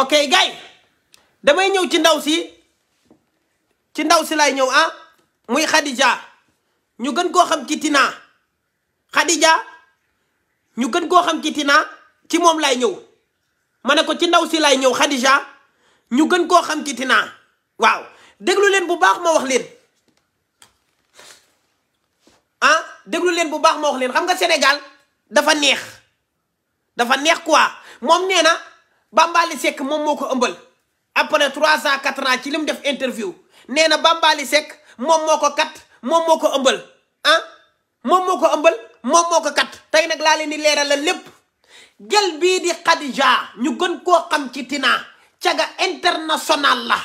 ok gay damay ñëw ci ndaw si ci ndaw si lay ñëw a ah, muy Khadija ñu gën koo xam ci Tina Khadija ñu gën koo xam ci Tina ci moom lay ñëw ma ne ko ci ndaw si lay ñëw Khadija ñu gën koo xam ci Tina waaw déglu leen bu baax ma wax leen ah déglu leen bu baax ma wax leen xam nga Sénégal dafa neex dafa neex quoi moom nee Bambaly sekk moom moo ko ëmbal après trois ans quatre ans ci li mu def interview nee na Bambaly Seck moom moo ko kat moom moo ko ëmbal ah moom moo ko ëmbal moom moo ko kat tey nag laa leen di leeral lépp jël bii di Khadija ñu gën koo xam ci Tina caga international la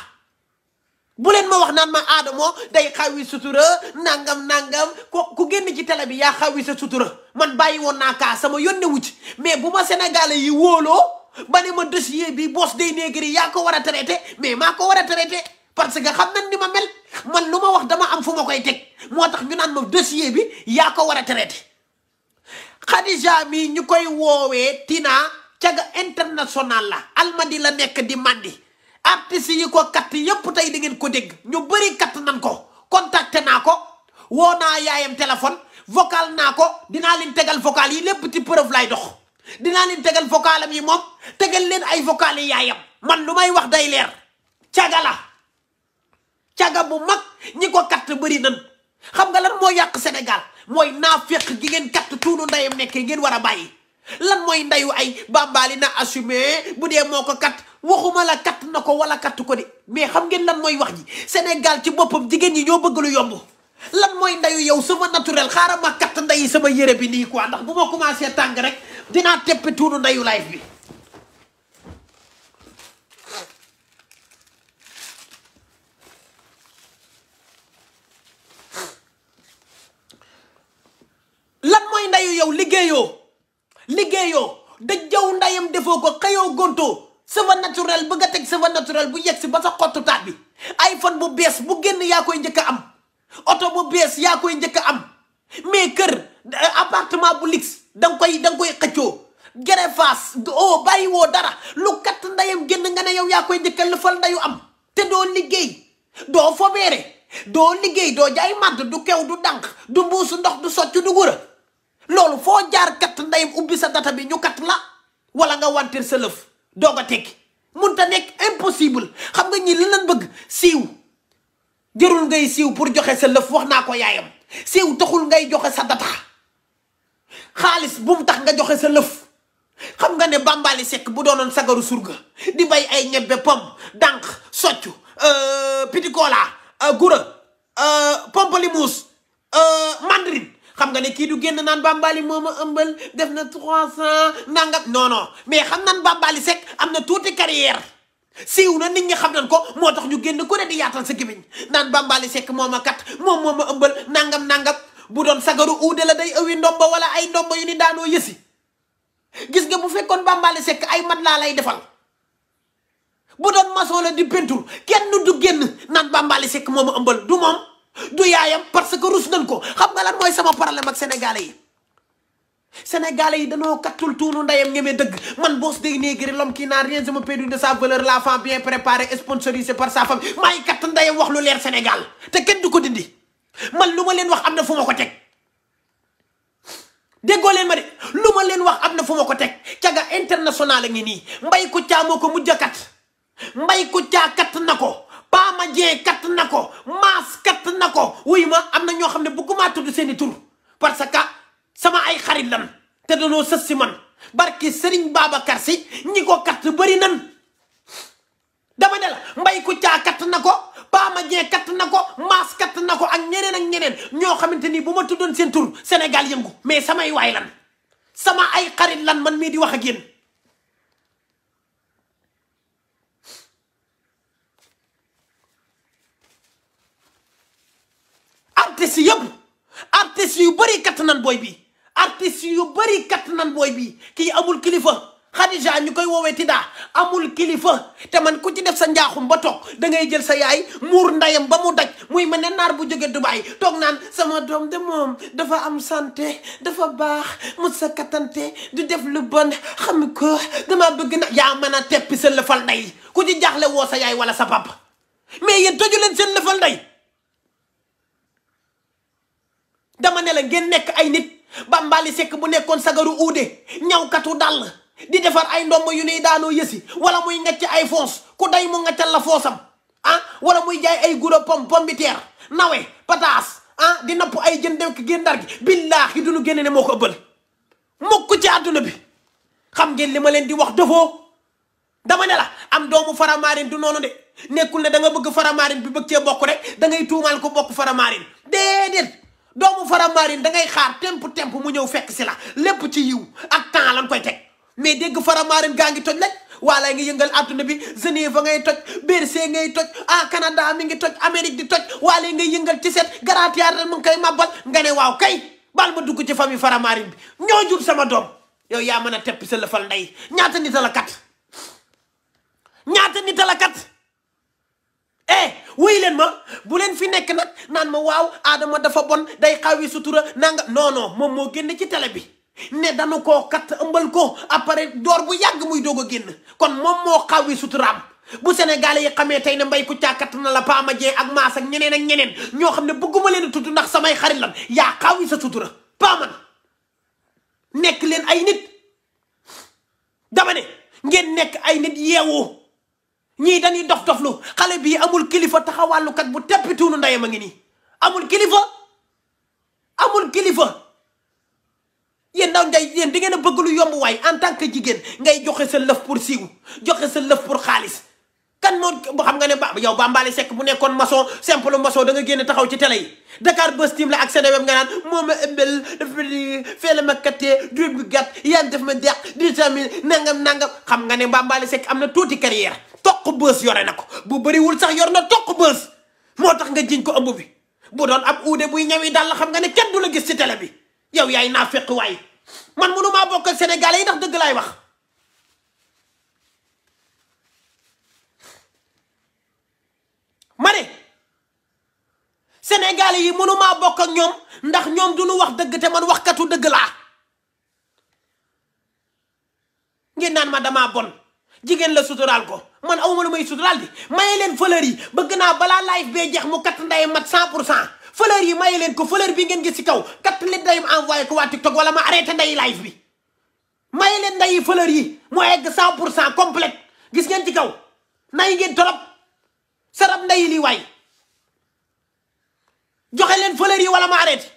bu leen ma wax naan ma Adamo day xawi sutura nangam nangam ko ku génn ci télé bi yaa xawi sa sutura man bàyyi woon naa kaa sama yoon wu ci mais bu ma Sénégalais yi wóoloo ba ma dossier bi boss day néegri yaa ko war a traité mais maa ko war a traité parce que xam nañ ni ma mel man lu ma wax dama am fu ma koy teg moo tax ñu naan ma dossier bi yaa ko war a traité Khadija mi ñu koy woowee Tina caga international la almadi la nekk di mandi artistes yi ko katt yépp tey di ngeen ko dégg ñu bëri katt nan ko contacté naa ko woo naa yaayam téléphone vocal naa ko dinaa leen tegal vocal yi lépp ci preuve lay dox dinaa leen tegal vocalam yi moom tegal leen ay vocal yaayam man lu may wax day leer caga la caga bu mag ñi ko katt bari nan xam nga lan moo yàq senegal mooy naaféq gi ngeen katt tuunu ndeyam nekkee ngeen war a bàyyi lan mooy ndeyu ay bàmbaali na assumé bu dee moo ko kat waxuma la kat na ko wala kat ko de mais xam ngeen lan mooy wax ji Sénégal ci boppam jigéen ñi ñoo bëgg lu yomb lan mooy ndeyu yow sama naturel xaaral ma kat ndeyi sama yére bi nii quoi ndax bu ma commencé tàng rek dinaa teppi tuunu ndeyu life bi lan mooy ndayu yow liggéeyoo liggéeyoo da jaw ndayam defoo ko xëyoo gontoo sava naturel bëgg nga teg sava naturel bu yegg si ba sa xottu taat bi iPhone bu bees bu génn yaa koy njëkk am oto bu bees yaa koy njëkk a am mais kër appartement bu luxe da koy da koy xëccoo gerefaas o bàyyi woo dara lu katt ndayam génn nga ne yow yaa koy njëkk a lëfal ndayu am te doo liggéey doo fobeere doo liggéey doo jaay màdd du kew du dànq du mbuusu ndox du socc du gura loolu foo jaar kat ndeyam ubbi sa data bi ñu kat la wala nga wantir sa lëf doog a tekki mun ta nekk impossible xam nga ñii li leen bëgg siiw jërul ngay siiw pour joxe sa lëf wax naa ko yaayam siiw taxul ngay joxe sa data xaalis bu tax nga joxe sa lëf xam nga ne bàmbaali sekk bu doonoon sagaru surga di bay ay ñebbe pom dànq soccu euh, pitikola euh, gura euh, pompali muus mandarin xam nga ne kii du génn naan Bambaly moo ma ëmbal def na trois cent nangam non mais xam nan Bambaly Seck am na tuuti carrière siiw na nit ñi xam nañ ko moo tax ñu génn ku ne di yaatal sa gémmiñ naan Bambaly Seck moo ma kat moom moo ma nangam nangam bu doon sagaru uude day ëwi wala ay ndomba yu ni daanoo yësi gis nga bu fekkoon Bambaly Seck ay mat laa lay defal bu doon maçon di peinture kenn du génn naan Bambaly Seck moo ma ëmbal du moom du yaayam parce que rus nañ ko xam nga lan mooy sama problème ak sénégalais yi sénégalais yi danoo kattul tuunu ndeyam ñeme dëgg man boss day néegri l'homme qui n'a rien jamais perdu de sa valeur la femme bien préparée sponsorisée par sa famille maay katt ndeyam wax lu leer Sénégal te kenn du ko dindi man lu ma leen wax am na fu ma ko teg déggoo leen ma de lu ma leen wax am na fu ma ko teg caga international a ngi nii mbay ku caa moo ko mujj a mbay ku caa kat na ko ma Dieng katt na ko Maas kat na ko wuyu ma am na ñoo xam ne bëgguma tudd seeni tur parce que sama ay xarit lan te danoo sës si man barki Serigne Babacar si ñi ko katt bari nan dama ne la Mbay Kuccaa katt na ko Pama Dieng kat na ko Maas kat na ko ak ñeneen ak ñeneen ñoo xamante ni bu ma tuddoon seen tur Sénégal yëngu mais samay waay lan sama ay xarit lan man mii di wax ak yéen artistes yëpp artistes yu bëri kattan booy bi artistes yu bëri kattan booy bi kii amul kilifa. Khadija ñu koy woowee Tida amul kilifa te man ku ci def sa njaaxum ba toog da ngay jël sa yaay muur ndayam ba mu daj muy mel ne naar bu jóge Dubaay toog naan sama doom de moom dafa am sante dafa baax mu sa kattante du def lu bon xam ko dama bëgg na yaa mën a teppi seen lëfal ndey ku ci jaaxle woo sa yaay wala sa papa mais yéen toju leen seen lëfal ndey dama ne la ngeen nekk ay nit Bambaali Sekk bu nekkoon sagaru uude ñawkatu dàll di defar ay ndomb yu nii daanoo yësi wala muy ngacc ay foos ku day mu ngaccal la foosam ah wala muy jaay ay guro bi pombiteer nawe pataas ah di napp ay jën dekk gén ndar gi billaahi du nu génne ne moo ko ëppal mukk ci àdduna bi xam ngeen li ma leen di wax defoo dama ne la am doomu faramaarin du noonu de nekkul ne da bëgg faramaarin bi bëgg cee bokk rek da ngay tuumaal ko bokk faramaarin doomu faramaarin da ngay xaar temp temp mu ñëw fekk si la lépp ci yiw ak temps lan koy teg mais dégg faramaarin gaa ngi toj lañ waalaay nga yëngal adduna bi Genève ngay toj Bercy ngay toj ah Canada mi ngi toj Amérique di toj waalaay ngay yëngal ci seet garaat yaar mu ngi koy màbbal nga ne waaw kay bal ma dugg ci fami faramaarin bi ñoo jur sama doom yow yaa mën a tepp sa lëfal ndey ñaata nit la kat ñaata nit kat eh, wuy leen ma bu leen fi nekk nag naan ma waaw Adama dafa bon day xawi sutura nanga non moom moo génn ci tele bi ne dana ko kat ëmbal ko après door bu yàgg muy doog a génn kon moom moo xawi suturaam bu Sénégal yi xamee tey ne mbay ku càkkat na la Pama Dieng ak Maas ak ñeneen ak ñeneen ñoo xam ne bëgguma leen tudd ndax samay xarit lan yaa xawi sa sutura Pama nekk leen ay nit dama ne ngeen nekk ay nit yeewoo ñii dañuy dof doflu xale bii amul kilifa taxawàllukat bu teppituunu ndeyam a ngi nii amul kilifa amul kilifa yéen ndaw nday yéen di ngeen a bëgg lu yomb waay en tant que jigéen ngay joxe sa lëf pour siiw joxe sa lëf pour xaalis kan moo boo xam nga ne ba yow Bambaly Seck bu nekkoon maçon simple maçon da nga génn taxaw ci télé yi Dakar Buzz Team la ak Seneweb nga naan moo ma ëmbel fee la ma kattee durée bi gàtt yan def ma deq 200000 nangam nangam xam nga ne Bambaly Seck am na tuuti carrière toq bës yore na ko bu bëriwul sax yor na toq bës moo tax nga jiñ ko ëmb bi bu doon ab uude buy ñawi daal la xam nga ne kenn du la gis ci télé bi yow yaay naa fekk waay man mënumaa bokk ak sénégalais yi ndax dëgg laay wax ma ne yi mënumaa bokk ak ñoom ndax ñoom du ñu wax dëgg te man waxkatu dëgg laa ngeen naan ma dama bon jigéen la suturaal ko man awma lu may suturaal di maye leen fleur ba bëgg naa balaa live bee jeex mu kat nday mat 100 pour cent fleur yi leen ko fleur bi ngeen gis ci kaw kat li ndayum envoyé ko waa TikTok wala ma arrêté nday live bi maye leen ndayi fleur yi mu egg 100 pour cent complète gis ngeen ci kaw nay ngeen torop sarab ndayi li waay joxe leen fleur yi wala ma arrêté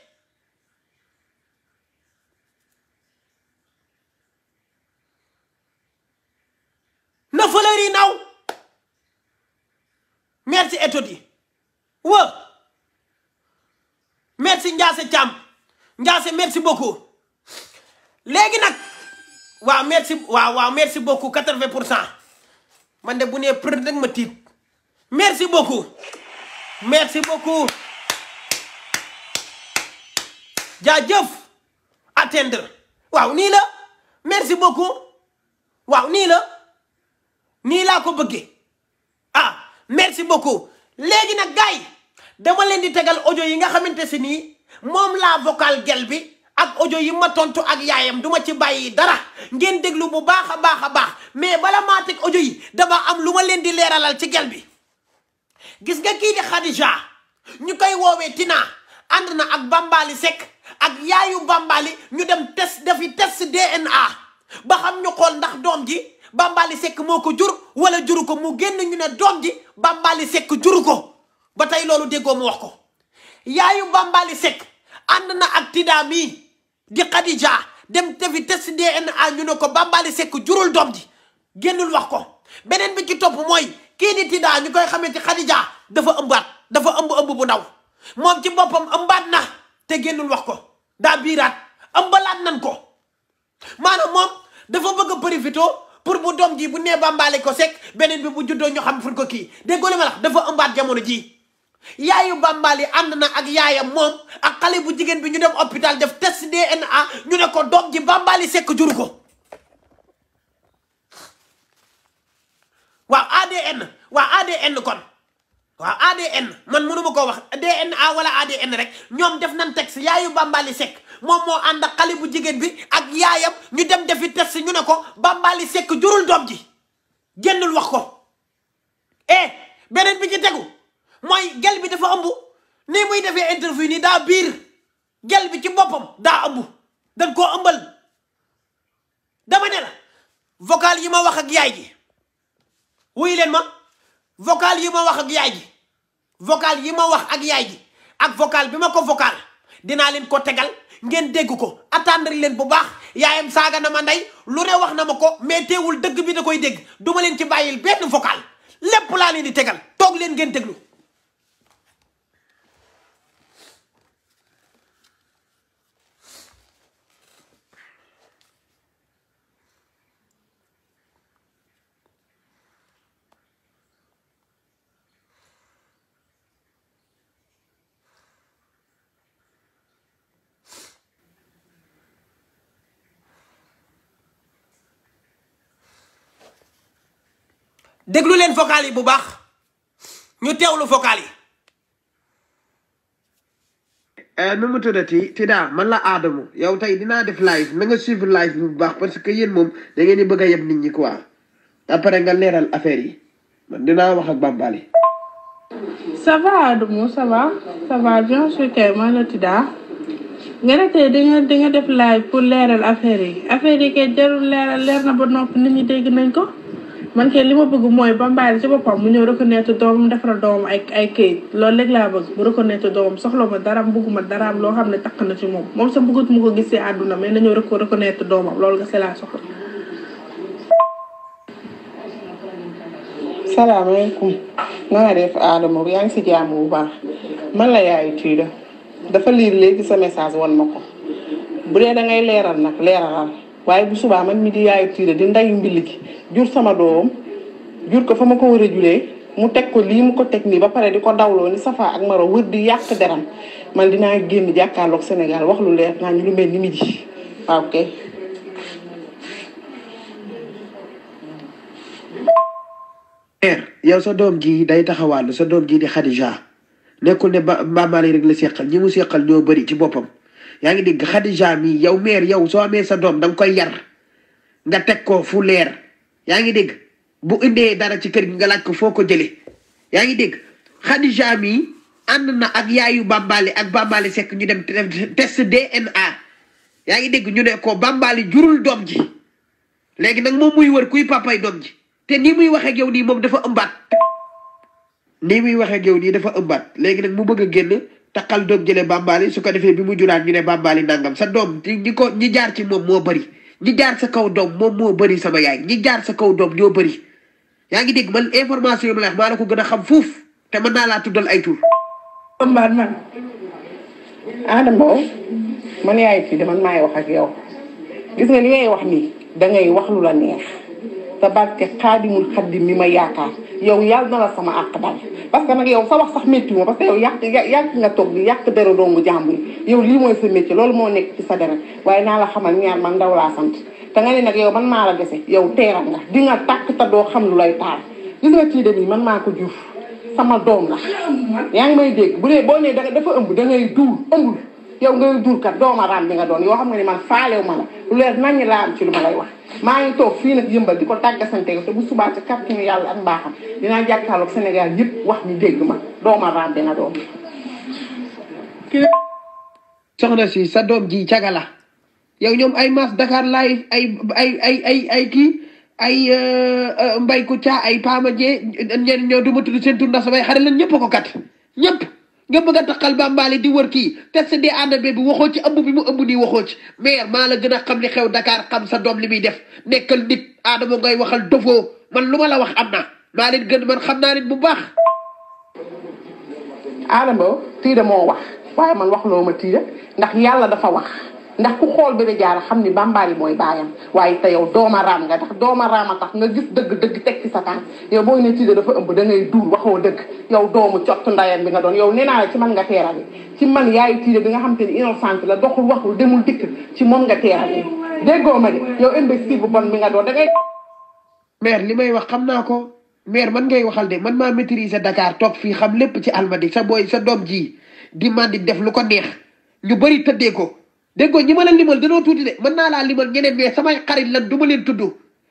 na valeur yi naaw merci études yi wa merci Ndiasse Thiam Ndiasse merci beaucoup léegi nag waaw merci waaw waaw merci beaucoup quatre-vingt pour cent man de bu nee për rek ma tiit merci beaucoup merci beaucoup jaajëf attendre waaw nii la merci beaucoup waaw nii la nii laa ko bëggee ah merci beaucoup léegi nag gars yi dama leen di tegal audio yi nga xamante si nii moom laa vocal gel bi ak audio yi ma tontu ak yaayam duma ci bàyyi dara ngeen déglu bu baax a baax a baax mais bala maa teg audio yi dama am lu ma leen di leeralal ci gel bi gis nga kii di Khadija ñu koy woowee Tina ànd na ak Bambaali Seck ak yaayu Bambaali ñu dem test tes test DNA ba xam ñu xool ndax doom ji Bambaly sekk moo ko jur wala juru ko mu génn ñu ne doom ji Bambaly sekk juru ko ba tey loolu déggoo mu wax ko yaayu Bambaly Seck ànd na ak Tida mii di Khadija dem defi test DNA ñu ne ko Bambaly sekk jurul doom ji génnul wax ko beneen bi ci topp mooy kii di Tida ñu koy xamee ci Khadija dafa ëmbaat dafa ëmb ëmb bu ndaw moom ci boppam ëmbaat na te génnul wax ko daa biiraat ëmbalaat nan ko maanaam moom dafa bëgg a profitoo pour bu doom ji bu nee bàmbaale ko sek beneen bi bu juddoo ñu xam fur ko kii déggoo li ma la dafa ëmbaat jamono ji yaayu bàmbaali ànd na ak yaayam moom ak xale bu jigéen bi ñu dem hôpital def test DNA ñu ne ko doom ji bàmbaali sekk juru ko waaw ADN waaw ADN kon waaw ADN man mënuma ko wax DNA wala ADN rek ñoom def nan test yaayu bàmbaali sekk moom moo ànd ak xale bu jigéen bi ak yaayam ñu dem defi test ñu ne ko Bambaly sekk jurul doom ji génnul wax ko eh beneen bi ci tegu mooy gel bi dafa ëmb nii muy defee interview nii daa biir gel bi ci boppam daa ëmb dañ koo ambal dama ne vocal yi ma wax ak yaay ji wuyu leen ma vocal yi ma wax ak yaay ji vocal yi ma wax ak yaay ji ak vocal bi ma ko vocal dinaa leen ko tegal ngeen dégg ko attendre leen bu baax yaayam saaga na ma ndey lu ne wax na ma ko mais teewul dëgg bi da koy dégg duma leen ci bàyyil benn vocal lépp laa leen di tegal toog leen ngeen déglu déglu leen yi bu baax ñu teewlu vocal yi. Eh, nu mu tuddati Tida man la Adamo yow tey dinaa def live na nga suivre live bu baax parce que yéen moom dangeen ngeen di bëgg a yeb nit ñi quoi après nga leeral affaire yi man dinaa wax ak Bambaly. ça va Adamo ça va ça man la Tida nga ne dinga dinga def live pour leeral affaire yi affaire yi kay jarul leeral leer na ba noppi nit ñi dégg nañ ko. man kay li ma bëgg mooy Bambaly ci boppam mu ñëw reconnaître doomam defaral doomam ay ay kayit loolu léegi laa bëgg bu reconnaître doomam soxla ma daraam loo xam ne takk na ci moom moom sa bëggut mu ko gis ci àdduna mais nañoo rek reconnaître doomam loolu nga si laa soxla. salaamaaleykum na nga def Adama yaa ngi si jàmm bu baax man la yaayu Tuuda dafa liir léegi sa message won ma ko bu dee da ngay leeral nag leeralal. waaye bu subaa man mi di yaayu tiire di ndayu mbilli ki jur sama doom jur ko fa ma ko war a juree mu teg ko lii mu ko teg nii ba pare di ko dawloo ni safa ak maro wër di yàq deram man dinaa génn jàkkaarloog Sénégal wax lu leer naa ñu lu mel ni mi ji waaw ah, kay yow sa doom ji day taxawaalu sa doom ji di Khadija nekkul ne ba mbaamaale rek la seqal ñi mu seqal doo bari ci boppam yaa ngi dégg Khadija mi yow meer yow soo amee sa doom da nga koy yar nga teg ko fu leer yaa ngi dégg bu indee dara ci kër gi nga laaj ko foo ko jëlee yaa ngi dégg Khadija mi ànd na ak yaayu Bambali ak Bambali sekk ñu dem test DNA yaa ngi dégg ñu ne ko Bambali jurul doom ji léegi nag moom muy wër kuy papay doom ji te nii muy waxee ak yow nii moom dafa ëmbaat nii muy waxee ak yow nii dafa ëmbaat léegi nag mu bëgg a génn takkal doom jële bàmbaali su ko defee bi mu juraat ñu ne bàmbaali nangam sa doom ñi ko ñi jaar ci moom moo bëri ñi jaar sa kaw doom moom moo bëri sama yaay ñi jaar sa kaw doom ñoo bëri yaa ngi dégg man information yi ma la maa la ko gën a xam foofu te mën naa laa tuddal ay tur combat man Adama Mbow man yaay ci de man maay wax ak yow gis nga li ngay wax nii da ngay wax lu la neex te barke xaadimul xaddim mi ma yaakaar yow yàlla na la sama àq dal parce que nag yow sa wax sax métti ma parce yàq yàq nga toog di yàq dara doomu jàmm yow lii mooy sa métier loolu moo nekk ci sa dara waaye naa la xamal ñaar man ndaw laa sant te nga ne nag yow man maa la gese yow teeral nga di nga tàkk te doo xam lu lay taal gis nga ci dem yi man maa ko juuf sama doom la yaa ngi may dégg bu dee boo nee dafa ëmb da ngay duul ëmbul yow ngay duurkat dooma raam bi nga doon yoo xam nga ni man faalew ma la lu leer laa am ci lu ma lay wax maa ngi toog fii nag yëmbal di ko tàggasante te bu subaa ci kàttanu yàlla ak mbaaxam dinaa jàkkaarloog Sénégal yëpp wax ñu dégg ma dooma raam si sa doom ji cagala yow ñoom ay mass Dakar live ay ay kii ay mbay ku caa ay paama jee ñeen ñoo du ma tudd tur ndax samay xare lan ñëpp ko kat ñëpp nga bëgg a taxal bàmbaale di wër kii test de ànd bi waxoo ci ëmb bi mu ëmb nii waxoo ci maire maa la gën a xam li xew Dakar xam sa doom li muy def nekkal nit Adama ngay waxal dofoo man lu ma la wax am na maa leen gën man xam naa leen bu baax. Adama tiida moo wax waaye man waxloo ma tiida ndax yàlla dafa wax. ndax ku xool bébé jaara xam ni bàmbaali mooy baayam waaye te yow dooma raam nga ndax dooma raam a tax nga gis dëgg dëgg teg ci sa tànk yow booy ne tiida dafa ëmb dangay ngay duur waxoo dëgg yow doomu cott ndayam bi nga doon yow nee naa la ci man nga teerali ci man yaayu tiida bi nga xam te ni innocente la doxul waxul demul dikk ci moom nga teerali déggoo ma de yow imbécile bu bon bi nga doon da ngay maire li may wax xam naa ko maire man ngay waxal de man maa maîtriser Dakar toog fii xam lépp ci di sa booy sa doom ji di man di def lu ko neex ñu bëri tëddee ko dégg nga ñi ma la limal danoo tuuti de mën naa laa limal ñeneen mais samay xarit lan du ma leen tudd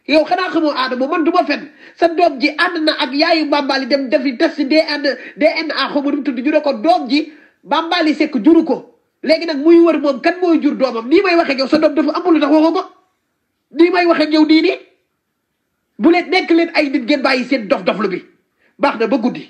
yow xanaa xamoo aadama man du ma fen sa doom ji ànd na ak yaayu bambali dem defi test DN DNA xaw ma nu mu tudd ñu ne ko doom ji bambali sekk juru ko léegi nag muy wër moom kan mooy jur doomam nii may waxee yow sa doom dafa amul lu tax waxoo ma nii may waxee yow nii nii bu leen nekk leen ay gen baa bàyyi seen dof-doflu bi baax na ba guddi.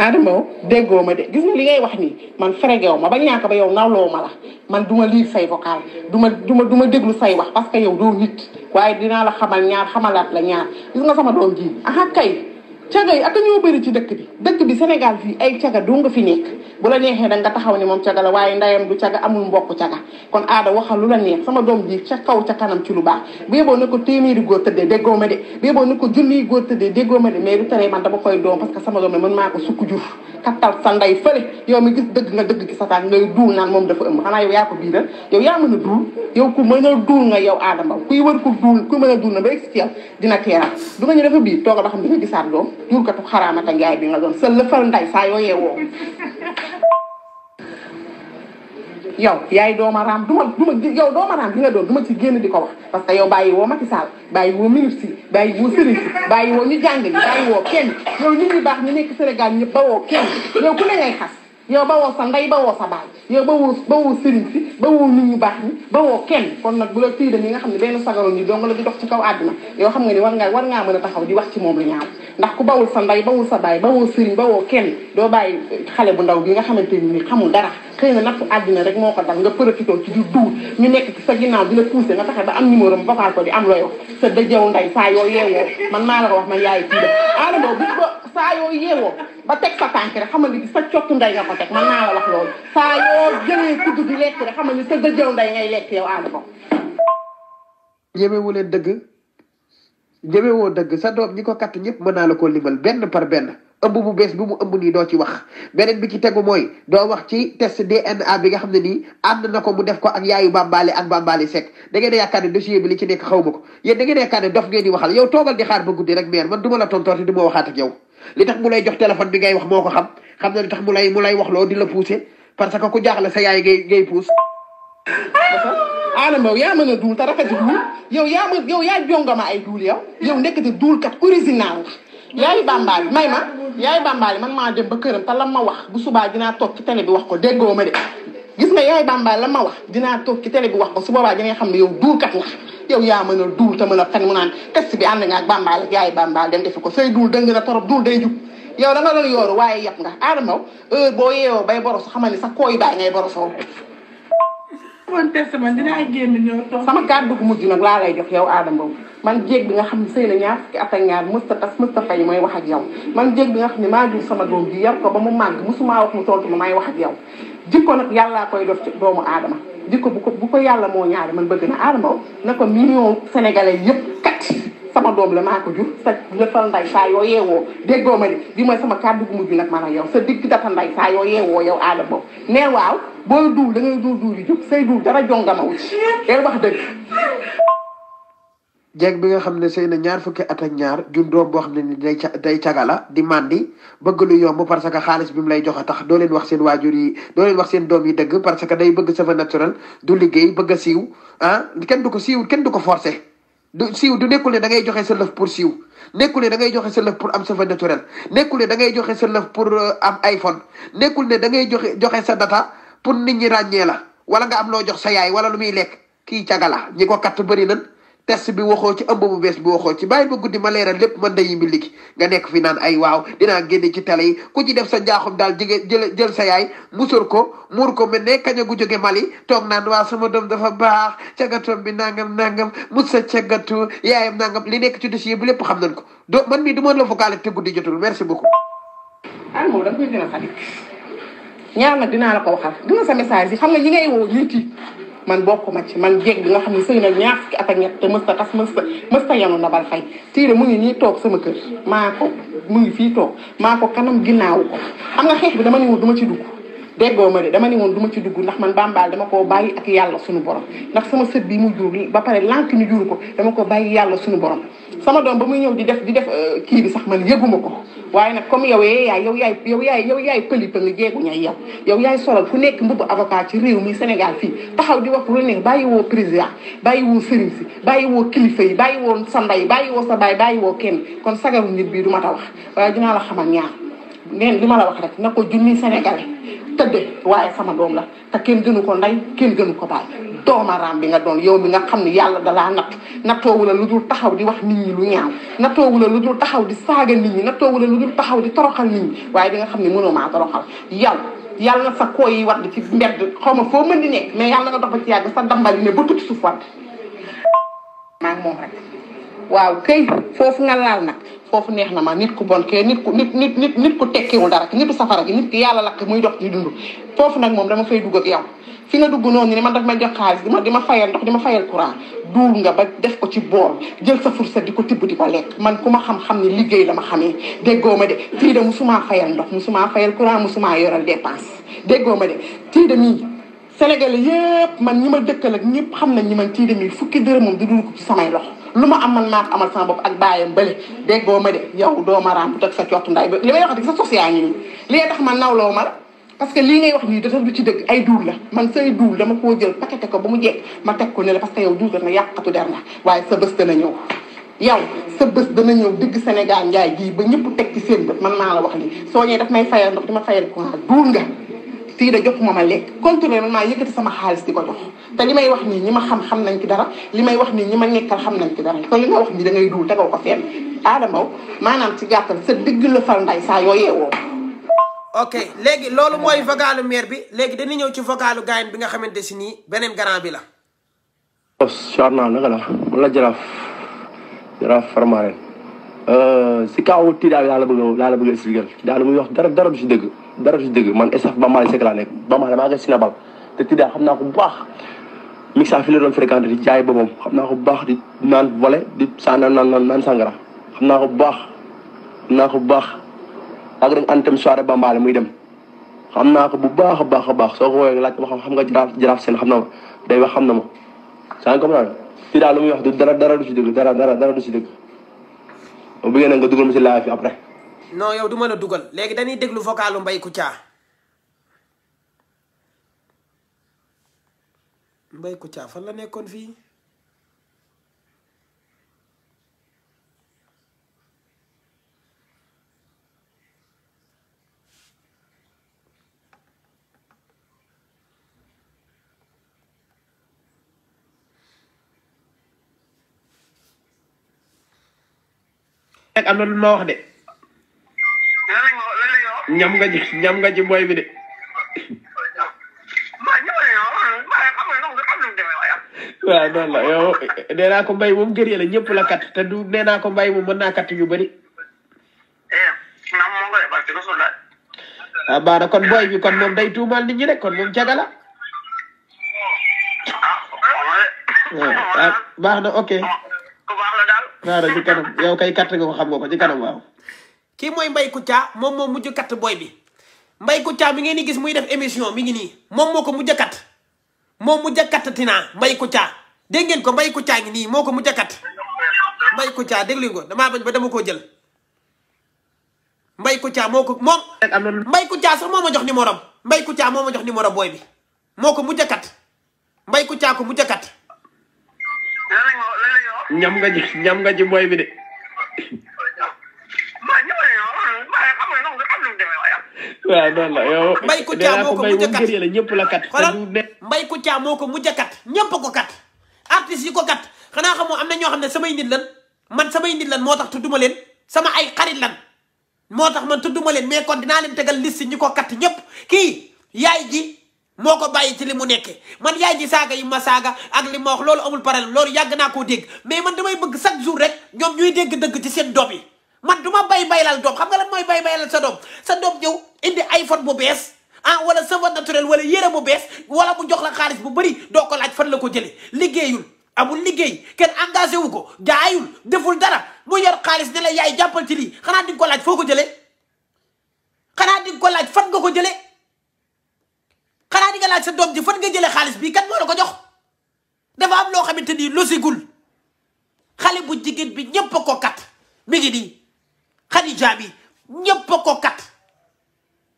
Adama déggoo ma de gis nga li ngay wax nii man frégew ma ba ñàkk ba yow nawloo ma la man duma lii say vocal du duma du ma du déglu say wax parce que yow doo nit waaye dinaa la xamal ñaar xamalaat la ñaar gis nga sama doom ji aha kay caga yi ak ñoo bëri ci dëkk bi dëkk bi Sénégal fii ay caga du nga fi nekk bu la neexee da nga taxaw ne moom caga la waaye ndayam du caga amul mbokk caga kon aada waxal lu la neex sama doom ji ca kaw ca kanam ci lu baax béeboo ne ko téeméeri góor tëddee déggoo ma de béeboo ne ko junniy góor tëddee déggoo ma de mais du tere man dama koy doom parce sama doom ne man maa ko sukk jur kattal sa ndey fële yow mi gis dëgg nga dëgg gi sataan ngay duul naan moom dafa ëmb xanaa yow yaa ko biiral yow yaa mën a duul yow ku mën a duul nga yow aadama kuy wër ku duul ku mën a duul na ba egsi ci dina teeraat du nga ñu dafa biir tooga ba xam di nga gisaat doom jurkatu xaraamata njaay bi nga doon sa lëfal ndey saa yoo woo yow yaay dooma raam du ma du ma yow dooma doon du ma ci génn di ko wax parce que yow bàyyi woo Macky Sall bàyyi woo ministre yi bàyyi woo si bàyyi woo woo kenn yow nit ñi baax ñu nekk Sénégal ñëpp ba woo kenn yow ba woo sa ndey ba woo sa ba woo ba woo sëriñ ba woo nit ñu baax ñi ba woo kenn kon nag bu la tiida yi nga xam ne benn sagaroon yi dong la di dox ci kaw àdduna yoo xam nga ni war nga war ngaa mën a taxaw di wax ci moom la ñaaw ndax ku bawul sa ndey bawul sa baay bawoo sëriñ bawoo kenn doo bàyyi xale bu ndaw bi nga xamante ni xamul dara xëy na nattu àddina rek moo ko dal nga profité ci di duur ñu nekk ci sa ginnaaw di la poussé nga taxe ba am numéro am vocal ko di am looy wax sa dëjëw nday saa yoo yeewoo man naa la ko wax man yaay kii def aadama bu ko saa yoo yeewoo ba teg sa tànk rek xamal ni sa cottu nday nga ko teg man maa la wax loolu saa yoo jëlee kudd di lekk rek xamal ni sa dëjëw nday ngay lekk yow aadama ñemewu leen dëgg ñemewoo dëgg sa doom ñi ko katt ñëpp mën naa la ko limal benn par benn ëmb bu bees bi mu ëmb nii doo ci wax beneen bi ci tegu mooy doo wax ci test DNA bi nga xam ne nii ànd ko mu ko ak yaayu bàmbaale ak bàmbaale sekk da ngeen yaakaar ne dossier bi li waxal yow toogal di xaar ba guddi rek meer man du la tontooti du ma waxaat ak yow li tax mu lay jox téléphone bi ngay wax moo ko xam xam na li tax mu lay mu lay wax loo di la pousser parce que ku jaaxle sa yaay ngay ngay Adama yaa mën a duul te rafet duul yow yaa mën yow yaa jongama ay duul yow yow nekkati duul kat original yaay bàmbaali may ma yaay bàmbaali man maa dem ba këram te lam ma wax bu subaa dinaa toog ci télé bi wax ko déggoo ma de gis nga yaay bàmbaali lam ma wax dinaa toog ci télé bi wax ko su boobaa dina xam ne yow duul kat nga yow yaa mën a duul te mën a fen mu naan test bi ànd nga ak bàmbaali ak yaay bàmbaali dem defi ko say duul dëng na torop duul day jub yow da nga doon yooru waaye yab nga Adama heure boo yeewoo bay boros xamal ni sa kooy baay ngay borosoo sama kàddu gu mujj nag laa lay jox yow Adama man jéeg bi nga xam ne sëy na ñaar fukki at ak ñaar mësta tas mësta fay mooy wax ak yow man jéeg bi nga xam ne maa jur sama doom ji yar ko ba mu màgg mosumaa wax mu ak yow jikko koy def ci doomu Adama jikko bu ko bu ko yàlla moo ñaari man bëgg na Adama na ko million sénégalais yëpp kat sama doom la maa ko jur sa lëfal nday saa yoo yeewoo déggoo ma ni di mooy sama kàddu gu mujj nag man ak yow sa digg dafa nday saa yoo yeewoo yow Adama neel waaw booy duul da ngay duul duul yu jub say duul dara jongama wu ci teel wax dëgg. jeeg bi nga xam ne sëy na ñaar fukki at ak ñaar jur doom boo xam ne ni day ca day cagala di màndi bëgg lu yomb parce que xaalis bi mu lay jox a tax doo leen wax seen waajur yi doo leen wax seen doom yi dëgg parce que day bëgg sava naturel du liggéey bëgg a siiw ah kenn du ko siiw kenn du ko forcer. du siiw du nekkul ne da ngay joxe sa lëf pour siiw nekkul ne da ngay joxe sa lëf pour am sava naturel nekkul ne da ngay joxe sa lëf pour euh, am iPhone nekkul ne da ngay joxe joxe sa data. pour nit ñi ràññee la wala nga am loo jox sa yaay wala lu muy lekk kii cagala ñi ko katt bari nan test bi waxoo ci ëmb bu bees bi waxoo ci bàyyi ba guddi ma leeral lépp mën na yimbi ligi nga nekk fi naan ay waaw dinaa génne ci télé yi ku ci def sa njaaxum daal jigéen jël jël sa yaay musur ko muur ko mel ne kañ gu jóge Mali toog naan waa sama doom dafa baax cagatoom bi nangam nangam mus sa cagatu yaayam nangam li nekk ci dossier bi lépp xam nañ ko doo man mii du ma la vocale te guddi jotul merci beaucoup. ñaar nag dinaa la ko waxal dina sa message yi xam nga yi ngay woo ñuy tiit man bokk ma ci man jeeg bi nga xam ne sëy na ñaar ki at ak ñett te mës ta tas mës ta mës ta yanu nabal fay tiire mu ngi nii toog sama kër maa ko mu ngi fii toog maa ko kanam ginnaaw ko xam nga xeex bi dama ne woon duma ci dugg déggoo ma de dama ne woon du ma ci dugg ndax man bambaal dama koo bàyyi ak yàlla suñu borom ndax sama sët bi mu jur ba pare lànk ñu jur ko dama ko bàyyi yàlla suñu borom sama doom ba muy ñëw di def di def euh, kii bi sax man yëguma ko waaye nag comme yow yee yaay yow yaay yow yaay yow yaay pëli pëli jeegu ñay yow yow yaay solo ku nekk mbubu avocat ci réew mi Sénégal fii taxaw di wax lu ne bàyyi woo président bàyyi woo sëriñ si bàyyi woo kilifa yi bàyyi woo sa ndey bàyyi woo sa baay bàyyi woo kenn kon sagaru nit bii du ma dinaa la xamal ñaar neen li ma la wax rek na ko junni sénégalais tëdde waaye sama doom la te ken gënu ko ndey kenn gënu ko baay doomaraam bi nga doon yow bi nga xam ne yàlla dalaa natt nattoowu la lu dul taxaw di wax nit ñi lu ñaaw nattoowu la lu dul taxaw di saaga nit ñi nattoowu la lu dul taxaw di toroxal nit ñi waaye di xam ne mënoo maa toroxal yow yàlla na sa koo yi wadd ci mbedd xaw ma foo mën di nekk mais na nga dox ba ci yàgg sa dambali ne ba tuuti suuf wadd maa ngi moom rek waaw kay foofu nga laal nag foofu neex na ma nit ku bon kee nit ku nit nit nit nit ku tekkiwul dara nitu safara gi nit ki yàlla lakk muy dox di dund foofu nag moom dama fay dugg ak yow fi nga dugg noonu ni man daf may jox xaalis dima di ma fayal ndox di ma fayal courant duul nga ba def ko ci bool jël sa fursa di ko tibb di ko lekk man ku ma xam-xam ni liggéey la ma xamee déggoo ma de fii de musumaa fayal ndox musumaa fayal courant musumaa yoral dépense déggoo ma de tii de mii Sénégalais yëpp man ñi ma dëkkal ak ñëpp xam nañ ñi man tii de mii fukki dërëm moom di dul ko ci samay loxo lu ma am man maa ko amal sama bopp ak bàyyam bële déggoo ma de yow doo ma ràmp ak sa cottu nday li may wax rek sa sos yaa ngi nii li tax man nawloo ma la parce lii ngay wax nii dafa du ci dëgg ay duul la man say duul dama koo jël paqueté ko ba mu jekk ma teg ko ne la parce que yow duul nga yàqatu der nga waaye sa bés dana ñëw yow sa bés dana ñëw digg Sénégal njaay gii ba ñëpp teg ci seen bët man wax lii soo ñëwee daf may fayal ndox di ma fayal courant duul nga fii de joxuma ma lekk contrôlé ma maa yëkkati sama xaalis di ko jox li may wax nii ñi ma xam xam nañ ki dara li may wax nii ñi ma nekkal xam nañ ci dara te li ma wax dangay da ngay duul tegaw ko fenn Adama maanaam ci gàttal sa digg la fal nday saa yoo ok léegi loolu mooy vocalu maire bi léegi dañuy ñëw ci vocalu gaayen bi nga xamante si nii beneen grand bi la. Charles naa la man la jaraaf jaraaf Farmaren Euh, si kaw Tida bi laa la bëgg a laa la bëgg a expliquer wax dara dara du si dëgg dara du si dëgg man staff Bambaly Seck laa nekk Bambaly maa ngi si nabal te Tida xam naa ko bu baax. Mixa fi la doon fréquenté di jaay boppam xam naa ko bu baax di naan volé di saa naan naan sangara xam naa ko bu baax xam naa ko bu baax ak dañ ànd tam soirée muy dem. xam naa ko bu baax a baax a baax soo ko woowee laaj ma xam nga jaraaf jaraaf seen xam na ma day wax xam na ma saa ngi comprendre Tida lu muy wax du dara dara du si dara dara dara du si dëgg bu ngeen nga dugal ma ci live bi après. noo yow du ma a dugal léegi dañuy déglu vocalu Mbaye Kouthia. Mbaye Kouthia fan la nekkoon fii. nag am na lu de. ñam nga ñam nga booy bi de. waaw noonu ko mbay moom gëree la ñëpp la kat te du ko mbay moom mën naa kat yu bëri. ah baana kon booy bi kon moom day tuumaal nit ñi rek kon moom jaga ah, baax na ok. xaaral ci kanam yow kay katt nga ko xam nga ko ci kanam waaw. kii mooy Mbaye Kouthia moom moo mujj katt booy bi Mbaye Kouthia mi ngeen di gis muy def émission mi ngi nii moom moo ko mujj a katt moom mujj a katt tinaa Mbaye Kouthia dégg ngeen ko Mbaye Kouthia ngi nii moo ko mujj a katt Mbaye Kouthia dégg ngeen ko damaa bañ ba dama koo jël Mbaye Kouthia moo ko moom. am na Mbaye Kouthia sax moo ma jox numéro am Mbaye Kouthia moo ma jox numéro booy bi moo ko mujj a katt Mbaye Kouthia ko mujj a katt ñam nga ñam nga ji booy bi de. waaw noonu la yow. mbay ku caa moo ko mujj a kat la ñëpp la kat. xoolal mbay ku caa moo ko mujj a kat ñëpp ko kat. artistes yi ko kat xanaa xamoo am na ñoo xam ne sama nit lan man samay nit lan moo tax tudduma leen sama ay xarit lan moo tax man tudduma leen mais kon dinaa leen tegal liste ñi ko kat ñëpp kii yaay ji. moo ko bàyyi ci li mu nekkee man yaay ji saaga yi ma saaga ak li ma loolu amul problème loolu yàgg naa koo dégg mais man damay bëgg chaque jour rek ñoom ñuy dégg dëgg ci seen doom yi man duma ma bay baylal doom xam nga lan mooy bay baylal sa dom sa doom ñëw indi iPhone bu bees ah wala savon naturel wala yére bu bees wala mu jox la xaalis bu bari doo ko laaj fan la ko jëlee liggéeyul amul liggéey kenn engagé wu ko jaayul deful dara mu yor xaalis ne yaay jàppal ci lii xanaa di ko laaj foo ko jëlee xanaa di ko laaj fan nga ko jëlee. xanaa di nga laaj sa doom ji fan nga jële xaalis bii kat moo la ko jox dafa am loo xamante ni losigul xale bu jigéen bi ñëpp a ko kat mi ngi nii Xadija bi ñëpp a ko kat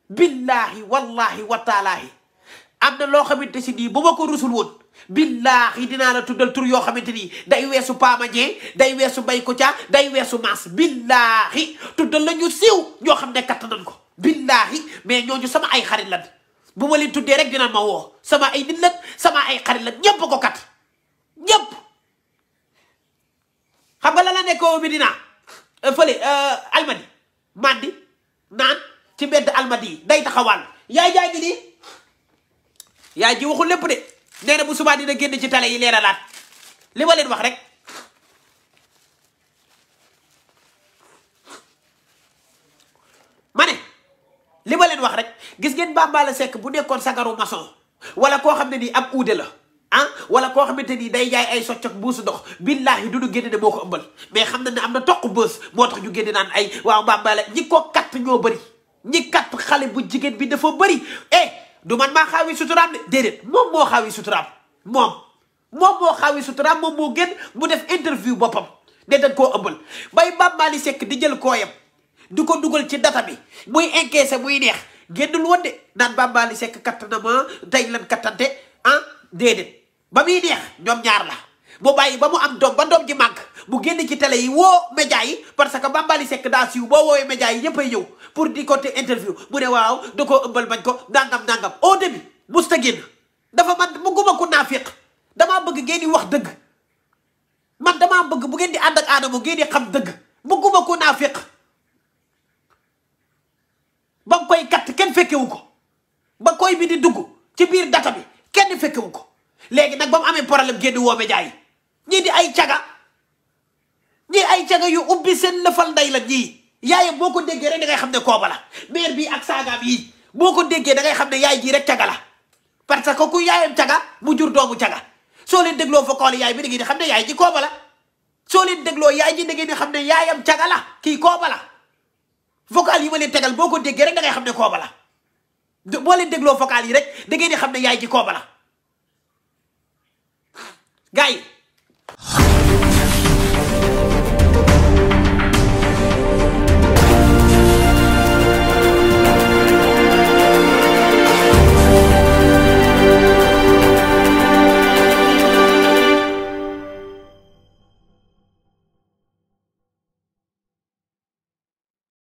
billaahi wallaahi wataalaahi am na loo xamante si nii bu ma ko rusul woon billaahi dinaa la tuddal tur yoo xamante nii day weesu Pama Dieng day weesu Mbaye Koutia day weesu Maas billaahi tuddal la ñu siiw ñoo xam ne katt nañ ko billaahi mais ñooñu sama ay xarit lan bu ma leen tuddee rek dina ma woo sama ay nit sama ay xarit nag ñëpp ko kat ñëpp xam nga la la nekkoo bi fële euh, almadi mandi naan ci mbedd almadi yi day taxawal yaay jaay gi yaay ji waxul lépp de nee bu subaa dina génn ci tale yi leeralaat li ma leen wax rek li ma leen wax rek gis ngeen Bambaala sekk bu nekkoon sagaru maçon wala koo xam ne nii am uude la ah wala koo xamante nii day jaay ay socc ak buusu ndox billaahi du ñu génn ne moo ko ëmbal mais xam na ne am na toq bës moo tax ñu génne naan ay waaw Bambaala ñi ko katt ñoo bëri ñi xale bu jigéen bi dafa bëri eh du man maa xaawi suturaam de déedéet moom moo xaawi suturaam moom moom moo xaawi suturaam moom moo génn mu def interview boppam ne dañ koo ëmbal bay Bambaali sekk di jël koo kooyam di ko dugal ci data bi muy encaissé buy neex génnul woon de naan bàmbaali sekk kattanama tey lan kattante ah déedéet ba muy neex ñoom ñaar la mu bàyyi ba mu am doom ba doom ji màgg bu génn ci télé yi woo média yi parce que Bambaly sekk daa siiw boo woowee média yi ñëpp ay ñëw pour di côté interview mu ne waaw da koo ëmbal bañ ko nangam nangam au début musta dafa man mu guma ko naafiq bëgg ngeen di wax dëgg man damaa bëgg bu ngeen di ànd ak aadama ngeen di xam dëgg mu guma ko naafiq ba nga koy katt kenn fekkewu ko ba koy bi di dugg ci biir data bi kenn fekkewu ko léegi nag ba mu amee problème génn woo média yi ñii di ay caga ñii ay caga yu ubbi seen lëfal nday la ñii yaayam boo ko déggee rek da ngay xam ne kooba la maire bi ak saagaam yi boo ko déggee da ngay xam ne yaay ji rek caga la parce que ku yaayam caga mu jur doomu caga soo leen dégloo fa koole yaay bi da ngeen di xam ne yaay ji kooba la soo leen dégloo yaay ji da ngeen xam ne yaayam caga la kii kooba la vocal yi ma leen tegal boo ko déggee rek da ngay xam ne Kooba boo leen dégloo vocal yi rek da ngeen di xam ne yaay ji Kooba la yi